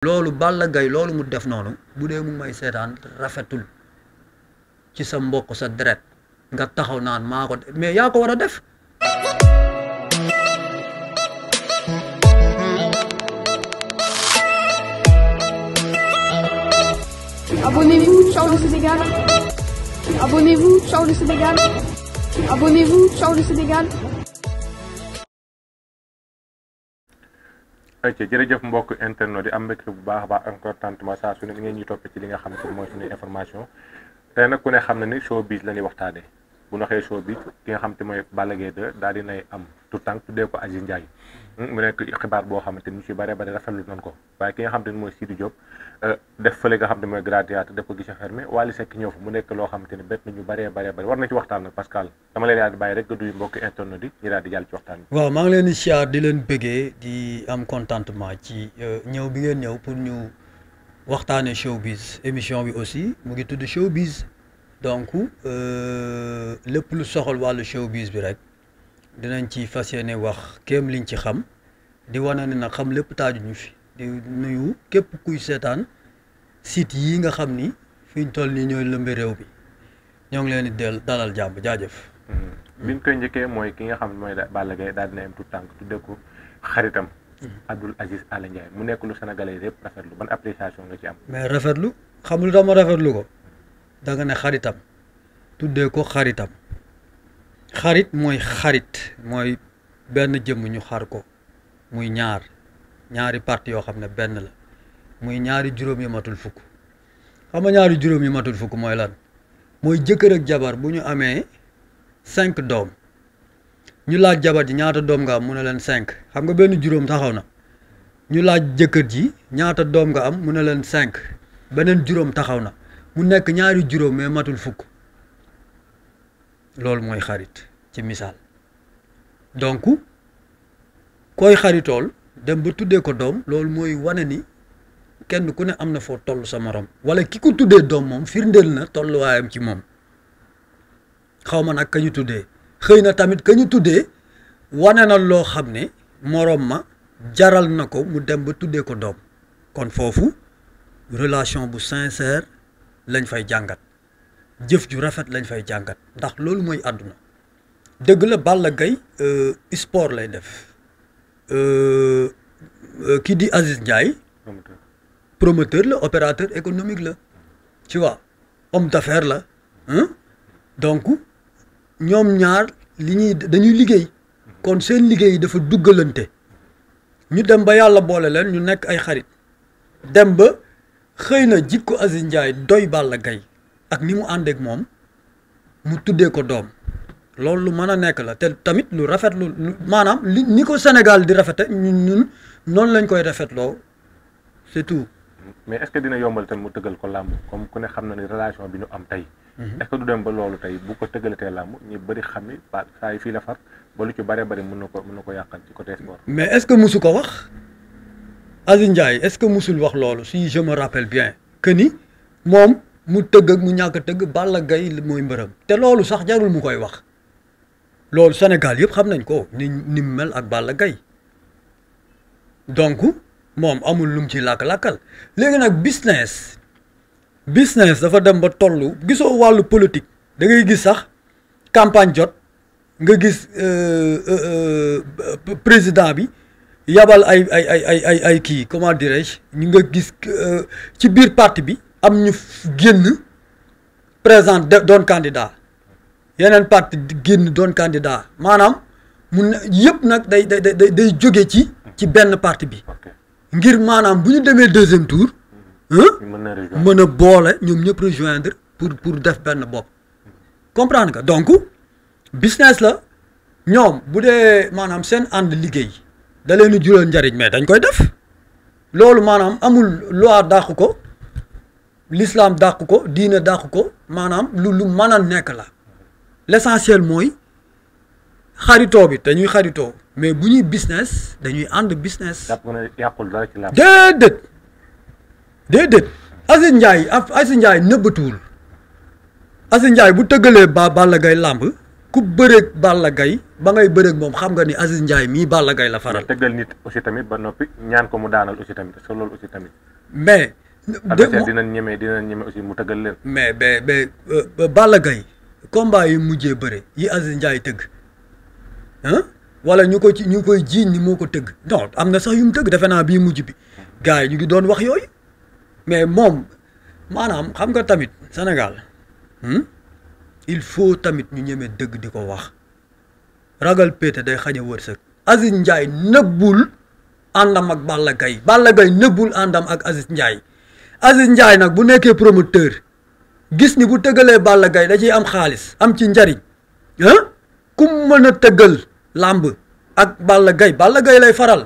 loolu Balla Gaye loolu mu def noonu bu dee mu may seetaan rafetul ci sa mbokk sa deret nga taxaw naan maa ko mais yaa ko war a def ok jërëjëf mbokk internet di am mbégte bu baax a baax encore contentement saa su ne ngeen ñuy topp ci li nga xam ne mooy suñuy information tey nag ku ne xam na ni showbiz la ñuy waxtaanee bu ñu waxee showbiz nga xam te mooy Balla Gaye daal di am tànk tuddee ko Aziz Ndiaye hmm, mu nekk xibaar boo xamante ni si bare bare rafetlu nañ ko waaye ki nga xamante ni mooy Sidi Diop euh, def fële nga xam ne mooy gradiate def ko guichet fermé Wally Seck ñëw fa mu nekk loo xamante ni bett nañu bare bare bare war na ci waxtaan nag Pascal dama leen daal di bàyyi rek nga duy mbokki internet di ñu daal di jàll ci waxtaan bi waaw maa ngi leen di siyaar di leen bëggee di am contentement ci euh, ñëw bi ngeen ñëw pour ñu waxtaane showbiz émission bi aussi mu ngi tudd showbiz donc euh, lépp lu soxal wàllu showbiz bi rek dinañ ci fas yéene wax kéem liñ ci xam di wane ne nag xam lépp taaju ñu fi di nuyu képp kuy seetaan site yi nga xam ni fi ñu toll nii ñooy lëmbi réew bi ñoo ngi leen di del dalal jàmm jaajëf. Mm-hmm. bi ñu koy njëkkee mooy ki nga xam ne mooy Balla Gaye daal dina am tout tànk tuddee ko xaritam. Mm-hmm. Abdoul Aziz Alla Ndiaye mu nekk lu Sénégalais yëpp rafetlu ban appréciation nga ci am. mais rafetlu xam lu tax ma rafetlu ko da ne xaritam tuddee ko xaritam. xarit mooy xarit mooy benn jëmm ñu xar ko muy ñaar ñaari parti yoo xam ne benn la muy ñaari juróom yi matul fukk xam nga ñaari juróom yi matul fukk mooy lan mooy jëkkër ak jabar bu ñu amee cinq doom ñu laaj jabar ji ñaata doom nga am mun ne leen cinq xam nga benn juróom taxaw na ñu laaj jëkkër ji ñaata doom nga am mu ne leen cinq beneen juróom taxaw na mu nekk ñaari juróom mais matul fukk loolu mooy xarit ci missaal donc koy xaritool dem ba tuddee ko doom loolu mooy wane ni kenn ku ne am na foo toll sa morom wala ki ko tuddee doom moom firndeel na tolluwaayam ci moom xaw ma nag ka ñu tuddee xëy na tamit ka ñu tuddee wane na loo xam ne moroom ma jaral na ko mu dem ba tuddee ko doom kon foofu relation bu sincère lañ fay jàngat jëf ju rafet lañ fay jàngat ndax loolu mooy àdduna dëgg la Balla Gaye euh, sport lay def euh, euh, kii di Aziz Ndiaye promoteur la opérateur économique la tu vois homme d'affaires la donc ñoom ñaar li ñuy dañuy liggéey kon seen liggéey dafa duggalante ñu dem ba yàlla boole leen ñu nekk ay xarit dem ba xëy na jikko Aziz Ndiaye doy Balla Gaye ak ni mu àndeek moom mu tuddee ko doom loolu lu mana a la tamit lu rafet maanaam manam ni ko Sénégal di rafete ñun non lañ koy lo c'est tout. mais est-ce que dina yombal tamit mu teugal ko lamb comme ku ne xam na ni relation bi ñu am tay mhm. est-ce que du dem ba loolu tay bu ko tëggalatee làmb ñu bëri xam ni ba say fi la far ba lu ci bari bari mën na ko mën na ko yakal ci côté sport. mais est-ce que musu ko wax azin Ndiaye est-ce que musul wax loolu si je me rappelle bien que ni mom mu teug ak mu ñàkk teug tëgg Balla Gaye moy mbeureum te loolu sax jarul mu koy wax. loolu Sénégal yëpp xam nañ ko ni ni mu mel ak Balla Gaye donc moom amul lum mu ci làkk-làkkal léegi nag business business dafa dem ba tollu gisoo wàllu politique da ngay gis sax campagne jot nga gis euh, euh, euh, président bi yabal ay ay ay ay ay kii comment dirais-je ñu nga gis ci biir parti bi am ñu génn présent doon candidat yeneen parti génn doon candidat maanaam mun na yëpp nag day day day day jóge ci ci benn parti bi ngir maanaam bu ñu demee deuxième tour mën a boole ñoom ñëpp rejoindre pour pour def benn bopp comprendre nga donc business la ñoom bu dee maanaam seen ànd liggéey da leen di njariñ mais dañ koy def loolu maanaam amul loi dàq ko l'islam dàq ko diine dàq ko maanaam lu lu mën a nekk la l'essentiel mooy xaritoo bi dañuy xaritoo mais bu ñuy business dañuy ànd business. jàpp nga ne yàqul dara ci làmb. déedéet déedéet Aziz Ndiaye af Aziz Ndiaye nëbbatuwul Aziz Ndiaye bu tëggalee ba Balla Gaye làmb ku bëreeg Balla Gaye ba ngay bëreeg moom xam nga ni Aziz Ndiaye mii Balla Gaye la faral. tëggal nit aussi tamit ba noppi ñaan ko mu daanal aussi tamit so loolu aussi tamit. mais. de ñemee dina dinañ ñeme aussi mu tëggal leen. mais mais euh, Balla Gaye combat yi mujjee bëre yi Aziz Ndiaye tëgg ah, wala ñu ko ci ñu koy jiiñ ni moo ko tëgg non am na sax yu mu tëgg defe naa bii mujj bi gars yi ñu ngi doon wax yooyu mais moom maanaam xam nga tamit Sénégal hmm, il faut tamit ñu ñeme dëgg di ko wax ragal péete day xañ a wërsëg Aziz Ndiaye nëbbul àndam ak Balla Gaye Balla Gaye nëbbul àndam ak Aziz Ndiaye Aziz Ndiaye nag bu nekkee promoteur gis ni bu tëggalee Balla gay da ciy am xaalis am ci njariñ ah ku mën a tëggal làmb ak Balla gay Balla gay lay faral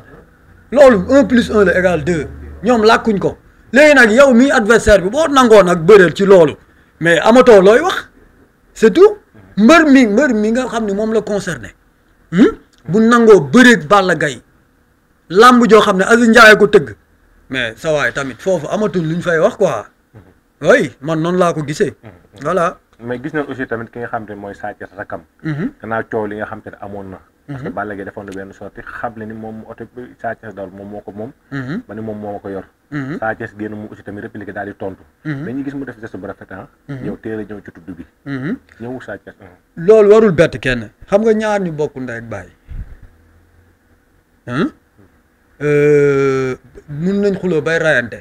loolu un plus un la égal deux ñoom lakkuñ ko léegi nag yow mii adversaire bi boo nangoo nag bëreel ci loolu mais amatoo looy wax surtout mbër mi mbër mi nga xam ne moom la concerné hmm? bu nangoo bëreeg Balla gay làmb joo xam ne Aziz Ndiaye ko tëgg mais sa tamit foofu amatul luñ fay wax quoi oui man noonu laa ko gisee. Mm-hmm. voilà mais gis nañ aussi tamit ki nga xam ne mooy Sa Thiès rakam. Mm-hmm. naa coow li nga xam te ne amoon na. parce que mm-hmm. Balla Gaye defoon na benn sorti xam le ni moom oto bi moom moo ko moom. ba ni moom moo ko yor. Sa Thiès génn mu aussi tamit répliqué daal di tontu. dañuy gis mu def geste bu rafet ah. ñëw teel a ñëw ci tudd bi. ñëw Sa Thiès. loolu warul bett kenn xam nga ñaar ñu bokk ndey ak baay. Euh, mun nañ xuloo bay rayante.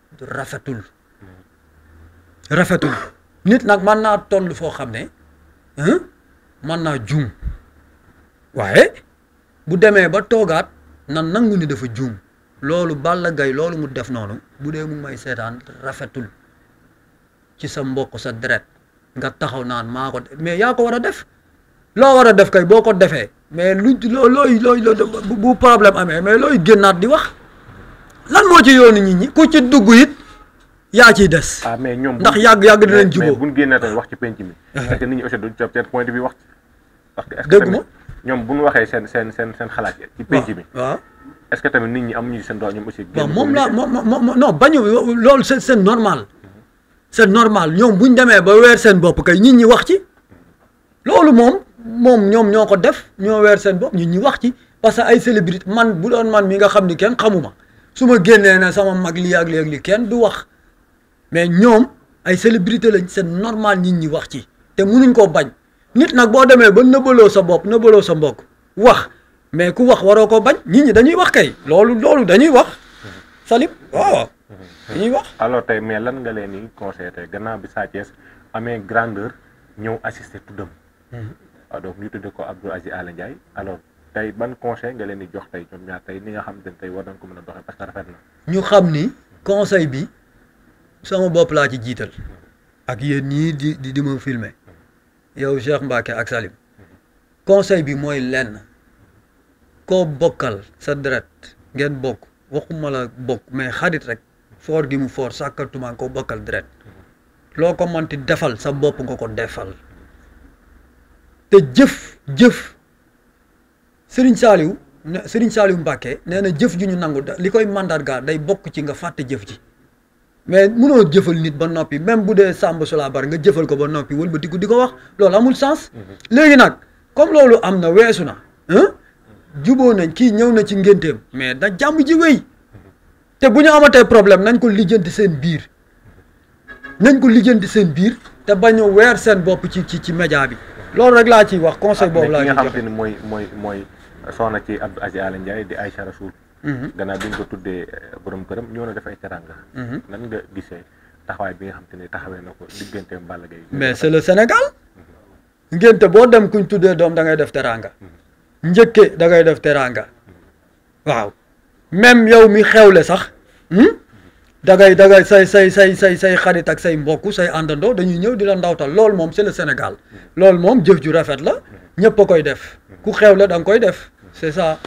rafetul rafetul nit nag mën naa toll foo xam ne mën naa juum waaye bu demee ba toogaat na nangu ni dafa juum loolu Balla Gaye loolu mu def noonu bu dee mu may seetaan rafetul ci sa mbokk sa deret nga taxaw naan maa ko mais yaa ko war a def loo war a def kay boo ko defee mais lu loo looy looy bu problème amee mais looy génnaat di wax lan mo ci yoonu nit ñi ku ci dugg it ya ci dess ah mais ñom ndax yag yag dinañ ci bo buñu ñu génnee wax ci penc mi. parce que nit ñi aussi duñ ci seen point bi wax. parce que est-ce que tamit ñoom bu sen waxee seen seen xalaat ci penc mi. waaw est-ce que tamit nit ñi amuñu sen droit ñom aussi. génn mom la moom non bañu lool c'est c'est normal. c'est normal ñom buñ démé ba wër sen bop kay nit ñi wax ci. loolu mom mom ñom ñoko def ñoo wër sen bop nit ñi wax ci parce que ay célébrité man bu doon man mi nga xamni kenn xamuma suma génné na sama mag li ak lii ak kenn du wax mais ñom ay célébrité lañ c'est normal nit ñi wax ci té mënuñ ko bañ nit nak bo démé ba neubelo sa bop neubelo sa mbokk wax mais ku wax waro ko bañ nit ñi dañuy wax kay lolu lolu dañuy wax Salim oh, ñi wax alors tay mais lan nga léni di tay tey bi Sa Thiès amé grandeur ñeu assister tudum waaw hmm. ah, donc ñu tudde ko Abdou Aziz Ala alors tay ban conseil nga leni jox tay ñom ñaar tay ni nga xam ne tay war nañ ko mëna doxé parce que rafet na. ñu xam ni conseil bi sama bop la ci jital ak yeen di di di ma filmé yow Cheikh mbake ak Salim conseil bi moy lenn ko bokal sa dret ngeen bok waxuma la bok mais xarit rek for gi mu for sàkkatuma ko bokal dret loo ko manti defal sa bop nga ko defal te jëf jëf. Serigne Saliou ne Serigne Saliou nee na jëf ju ñu nangu li koy mandarga day bokk ci nga fàtte jëf ji mais mënoo jëfal nit ba noppi même bu dee Samba Sulabar nga jëfal ko ba noppi wëlbatiku di ko wax loolu amul sance mhm. léegi nag comme loolu am na weesu na. juboo nañ kii ñëw na ci ngénteem mais da jàmm ji wéy te bu ñu amatee problème nañ ko lijjanti seen biir nañ ko lijjanti seen biir te bañ a weer seen bopp ci ci ci média bi loolu rek laa ciy wax conseil ah, boobu laa ciy joxe mooy mooy mooy. soxna ci Abdou Aji Alé Ndiaye di Aïcha Rasoul mhm. gannaaw bi ñu ko tuddee eh, borom këram ñoo na def ay teranga mhm. nan nga gisee taxawaay bi nga xam te ne taxawee na ko diggante Balla Gaye mais c'est le Sénégal mhm. ngénte boo dem kuñ tuddee doom da ngay def teranga njëkke da ngay def teranga waaw même yow mi xewle sax hmm? dangay dangay say say say say say xarit ak say mbokk say àndandoo dañuy ñëw di la ta loolu moom c'est le Sénégal loolu moom jëf ju rafet la ñëpp a koy def ku xew la da nga koy def c'est ça